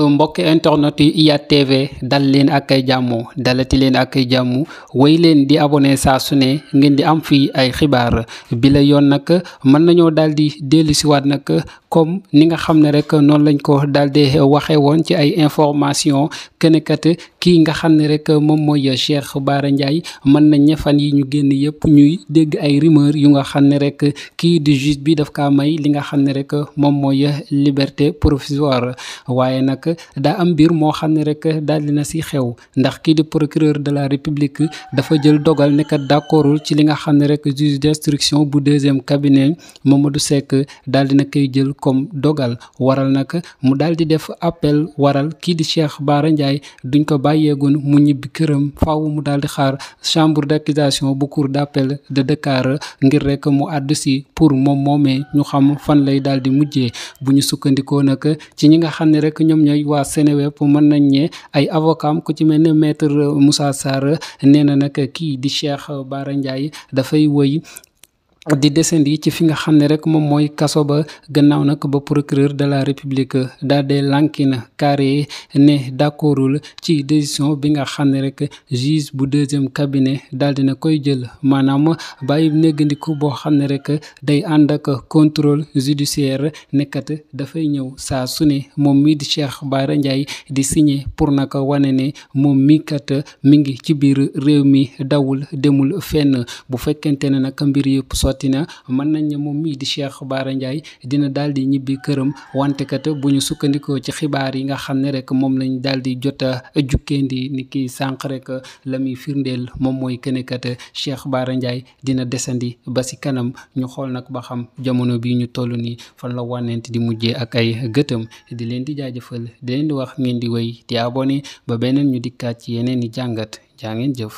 Euh, mbokk internet yi IYAT TV dal leen ak ay jàmm dalati leen ak ay jàmm wéy leen di abone saa su ne ngeen di am fii ay xibaar bi la yoon nag mën nañoo dal di dellusiwaat nag comme ni nga xam ne rek noonu lañ ko daal di waxee woon ci ay information kënekat kii nga xam ne rek moom mooy Cheikh Bara Ndiaye mën nañ ne fan yi ñu génn yëpp ñuy dégg ay rumeur yu nga xam ne rek kii di juge bi daf kaa may li nga xam ne rek moom mooy liberté provisoire waaye nag daa am mbir moo xam ne rek daal di na si xew ndax kii di procureur de la république dafa jël dogal ne kat d'accordul ci li nga xam ne rek juge d'instruction bu deuxième cabinet Mamadou Seck daal di na koy jël comme dogal waral nag mu daal di def appel waral kii di Cheikh bàyyeegun mu ñibbi këram faaw mu daal di xaar chambre d'accusation bu cour d'appel de Dakar ngir rek mu àddu si pour moom moomee ñu xam fan lay daal di mujjee bu ñu sukkandikoo nag ci ñi nga xam ne rek ñoom ñooy waa Seneweb mën nañ ne ay avocam ku ci mel ne maître Moussa Sarr nee na nag kii di Cheikh Bara Ndiaye dafay woy di descendi ci fi nga xam ne rek moom mooy kaso ba gannaaw nag ba procureur de la république daal de lanki na carré ne d'accordul ci décision bi nga xam ne rek juge bu deuxième cabinet daal dina koy jël maanaam bàyyi néggandiku boo xam ne rek day ànd ak contrôle judiciaire nekkat dafay ñëw saa su ne moom mii di Cheikh Bara Ndiaye di signe pour naka wane ne moom mii kat mi ngi ci biir réew mi dawul demul fenn bu fekkente ne nag mbir yëpp na mën nañ ne moom mii di Cheikh Bara Ndiaye dina daal di ñibbi këram wante kat bu ñu sukkandikoo ci xibaar yi nga xam ne rek moom lañ daal di jot a jukkendi ni kii sànq rek la muy firndeel moom mooy kenekat Cheikh Bara Ndiaye dina desandi ba si kanam ñu xool nag ba xam jamono bi ñu toll nii fan la wannent di mujjee ak ay gëtëm di leen di jaajëfal di leen di wax ngeen di wéy di abonné ba beneen ñu dikkaat ci yeneen i jàngat jaa ngeen jëf